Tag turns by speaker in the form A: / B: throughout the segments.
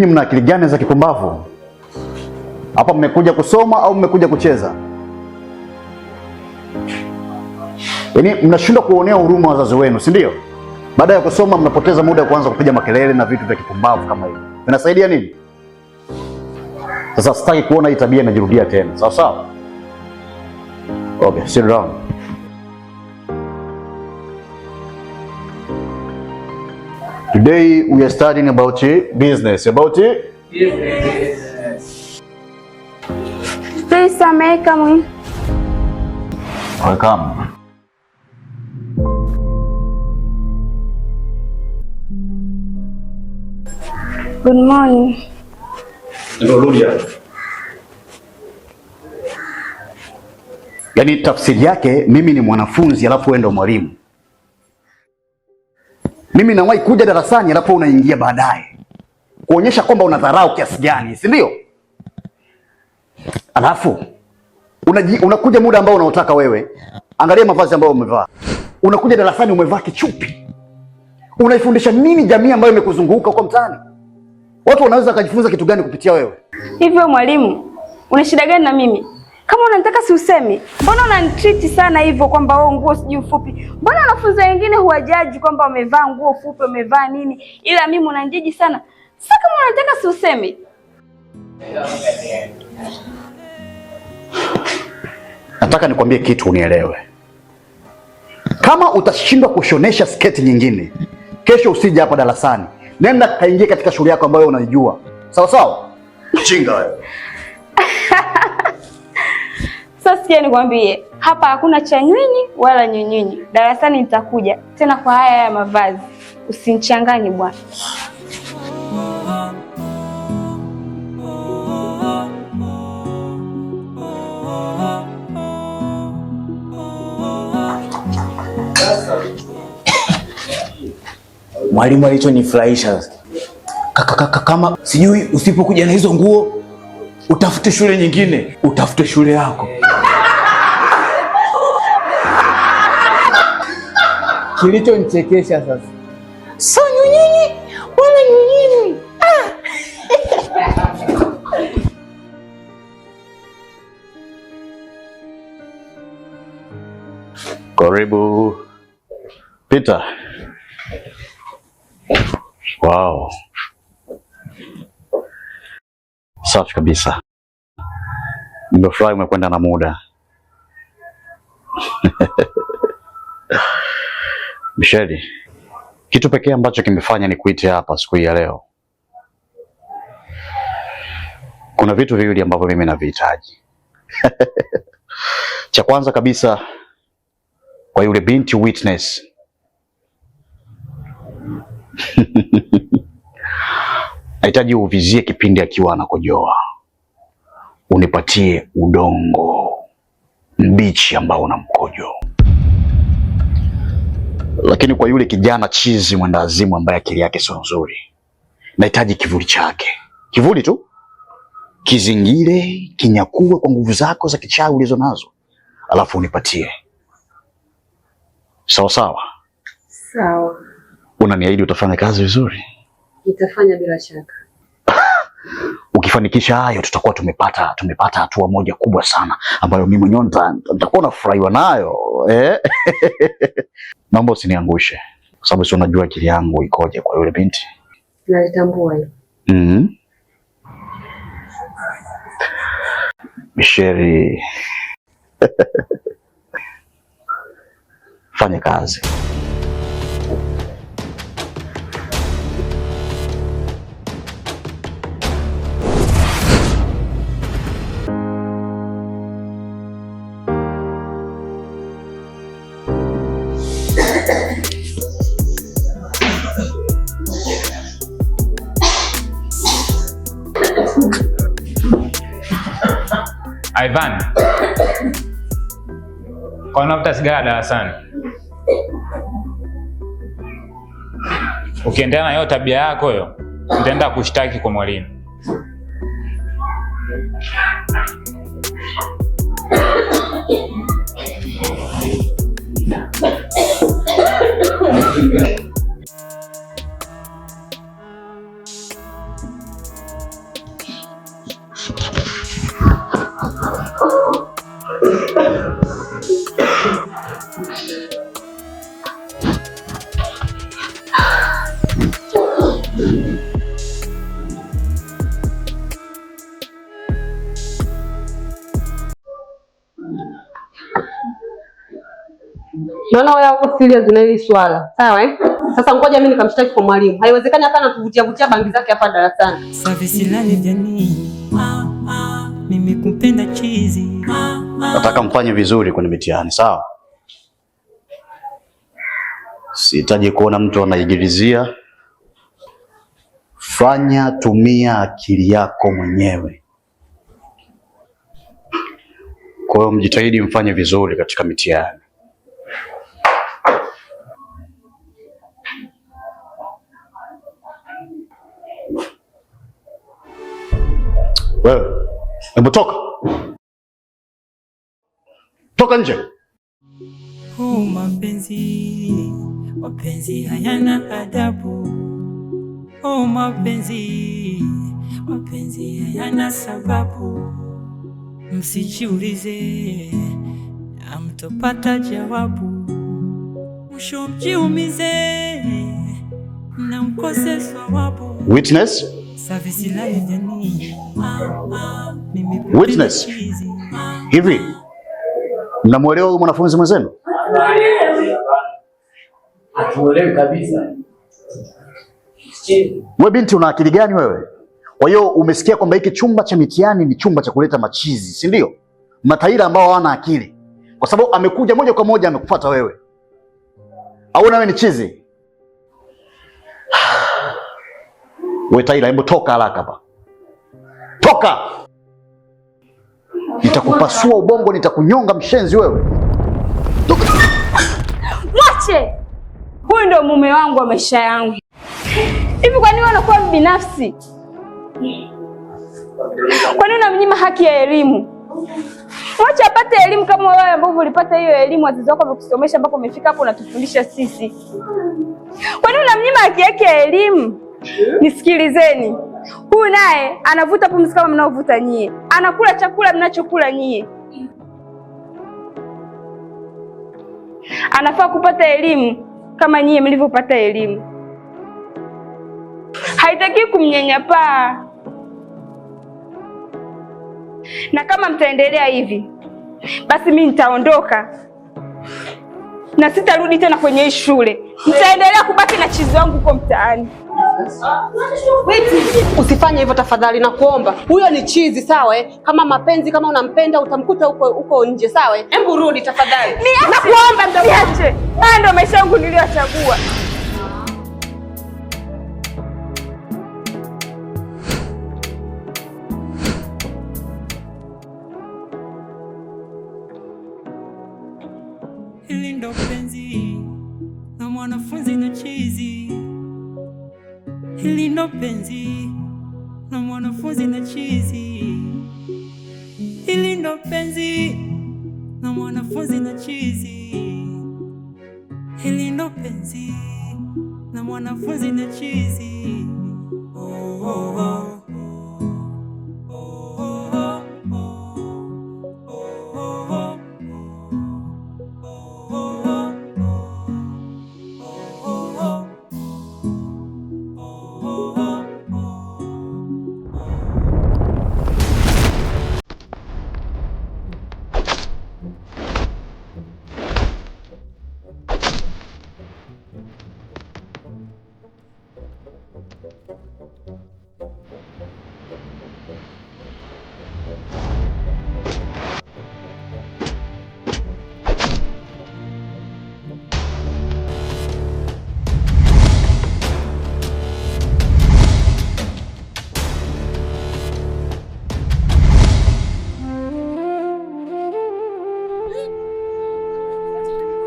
A: Ninyi mna akili gani za kikumbavu? Hapa mmekuja kusoma au mmekuja kucheza? Yaani mnashindwa kuonea huruma wazazi wenu, si ndio? Baada ya kusoma mnapoteza muda wa kuanza kupiga makelele na vitu vya kipumbavu kama hivi, Vinasaidia nini? Sasa sitaki kuona hii tabia inajirudia tena. Sawa sawa? Okay, sit down. Today we are studying about business. About
B: business.
C: Please, may I come in?
A: Welcome.
C: Good morning.
A: Hello, Lydia. Yaani tafsiri yake mimi ni mwanafunzi alafu wewe ndo mwalimu. Mimi nawahi kuja darasani alafu unaingia baadaye, kuonyesha kwamba unadharau kiasi gani, si ndio? Alafu unakuja muda ambao unaotaka wewe. Angalia mavazi ambayo umevaa, unakuja darasani umevaa kichupi. Unaifundisha nini jamii ambayo imekuzunguka huko mtaani? Watu wanaweza wakajifunza kitu gani kupitia wewe?
C: Hivyo mwalimu, una shida gani na mimi? Kama unanitaka si useme. Mbona unanitreat sana hivyo kwamba wewe nguo sijui fupi? Mbona wanafunzi wengine huwajaji kwamba wamevaa nguo fupi, wamevaa nini? Ila mimi unanijiji sana. Sasa kama unanitaka si useme.
A: Nataka nikwambie kitu unielewe. Kama utashindwa kushonesha sketi nyingine, kesho usije hapa darasani. Nenda kaingie katika shughuli yako ambayo unaijua. Sawa sawa? Chinga wewe.
C: Sasa sikia nikwambie, hapa hakuna cha wala nyonyinyi. Darasani nitakuja tena kwa haya ya mavazi, usinichanganye bwana.
A: Mwalimu alichonifurahisha kaka, kama sijui usipokuja na hizo nguo utafute shule nyingine, utafute shule yako Kilichonichekesha sasa,
C: so nyunyinyi wala nyunyinyi ah.
A: Karibu Peter. Wow, safi kabisa. Nimefurahi umekwenda na muda Michelle, kitu pekee ambacho kimefanya ni kuite hapa siku hii ya leo, kuna vitu viwili ambavyo mimi navihitaji. Cha kwanza kabisa, kwa yule binti Witness nahitaji uvizie kipindi akiwa anakojoa, unipatie udongo mbichi ambao una mkojo lakini kwa yule kijana chizi mwendawazimu ambaye akili yake sio nzuri, nahitaji kivuli chake, kivuli tu, kizingire, kinyakue kwa nguvu zako za kichawi ulizo nazo, alafu unipatie. Sawa sawa, sawa. Unaniahidi utafanya kazi vizuri?
C: Nitafanya bila shaka
A: tukifanikisha hayo tutakuwa tumepata tumepata hatua moja kubwa sana ambayo mimi mwenyewe nitakuwa nafurahiwa nayo eh? Naomba usiniangushe kwa sababu si unajua akili yangu ikoje kwa yule binti.
C: Nalitambua hiyo.
A: Mhm. Misheri. Fanya kazi.
D: Ivan, kwa unavuta sigara darasani, ukiendelea na hiyo tabia yako hiyo, utaenda kushtaki kwa mwalimu.
C: uko serious na hili swala sawa, eh? Sasa ngoja mimi nikamshtaki kwa mwalimu. Haiwezekani hata anatuvutia vutia bangi zake hapa darasani. Savisilale Mimi ah,
A: ah, kupenda chizi. Ah, Nataka mfanye vizuri kwenye mitihani sawa. Sihitaji kuona mtu anaigilizia. Fanya, tumia akili yako mwenyewe. Kwa hiyo mjitahidi mfanye vizuri katika mitihani. Wewe hebu toka, toka nje. Huu mapenzi, mapenzi hayana adabu. Huu mapenzi, mapenzi hayana sababu. Msijiulize, amtopata jawabu. Msho mjiumize na mkose sawabu. Witness Ah, ah, Witness, ah, hivi mnamwelewa huyu mwanafunzi mwenzenu? Wewe binti, una akili gani wewe? Kwa hiyo umesikia kwamba hiki chumba cha mitihani ni chumba cha kuleta machizi, si ndio? Mataira ambao hawana akili, kwa sababu amekuja moja kwa moja amekufuata wewe. Au wewe ni chizi? We Taila, hebu toka haraka hapa, toka! Nitakupasua ubongo, nitakunyonga mshenzi wewe, toka!
C: Mwache huyu, ndio mume wangu wa maisha yangu. Hivi kwa nini wanakuwa binafsi? Kwa nini unamnyima haki ya elimu? Mwache apate elimu kama wewe ambavyo ulipata hiyo elimu, wazazi wako wamekusomesha mpaka umefika hapo, unatufundisha sisi. Kwa nini unamnyima haki yake ya elimu? nisikilizeni. Huyu naye anavuta pumzi kama mnaovuta nyie, anakula chakula mnachokula nyie. Anafaa kupata elimu kama nyie mlivyopata elimu. Haitaki kumnyanyapaa, na kama mtaendelea hivi, basi mimi nitaondoka na sitarudi tena kwenye hii shule. Mtaendelea kubaki na chizi wangu huko mtaani. Usifanye hivyo tafadhali, nakuomba. Huyo ni chizi, sawa? Eh? Kama mapenzi, kama unampenda utamkuta huko huko nje, sawa? Eh? Hebu rudi tafadhali, nakuomba. Niache haya ndio maisha yangu niliyochagua. Hili ndo penzi na mwanafunzi na chizi hili ndo penzi na mwanafunzi na chizi, hili ndo penzi na mwanafunzi na chizi, hili ndo penzi na mwanafunzi na chizi. oh, oh, oh.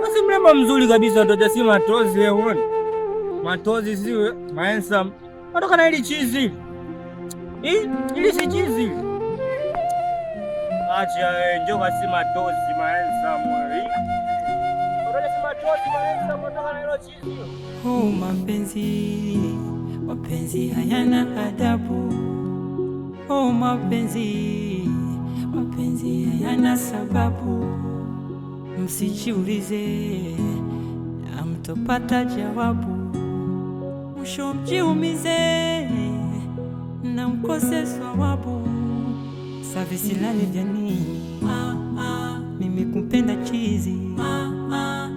E: Basi mrembo mzuri kabisa, watoto si matozi wewe uone. Matozi si maensa. Watoka na ile chizi. Eh, ile si chizi. Acha wewe, eh, njoo basi matozi maensa mwari. Watoka si matozi maensa watoka na ile chizi. Oh, mapenzi. Mapenzi hayana adabu. Oh, mapenzi. Mapenzi hayana sababu msijiulize, amtopata jawabu, mwisho mjiumize na mkose sawabu. Safi, silale vya nini? Mimi kupenda chizi,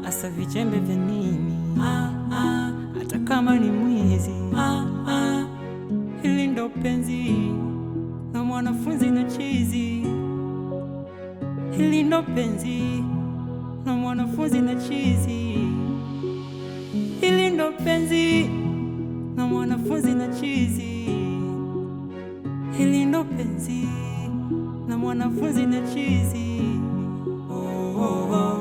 E: asa vichembe vya nini? Hata kama ni mwizi, hili ndo penzi na mwanafunzi na chizi, hili ndo penzi
F: na mwanafunzi na chizi. Hili ndo penzi na mwanafunzi na chizi. Hili ndo penzi na mwanafunzi na chizi. Oh, oh, oh.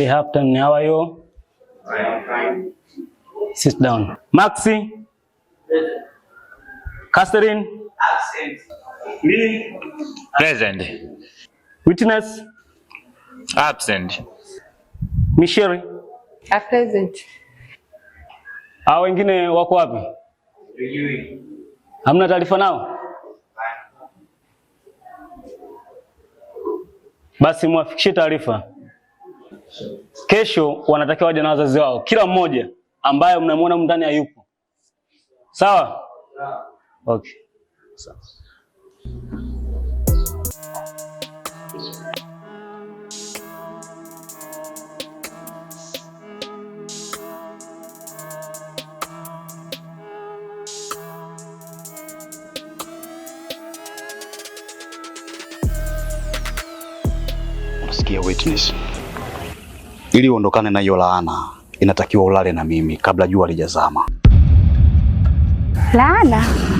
F: today half time. How are you?
G: I am fine.
F: Sit down. Maxi. Catherine.
H: Absent. Me.
I: Present.
F: Witness.
J: Absent.
F: Michelle? A present. Hao wengine wako wapi?
G: Sijui.
F: Hamna taarifa nao? Basi mwafikishie taarifa. Kesho wanatakiwa waje na wazazi wao, kila mmoja ambaye mnamwona ndani hayupo. Sawa? Okay. Sawa.
A: witness. Ili uondokane na hiyo laana, inatakiwa ulale na mimi kabla jua lijazama.
C: Laana?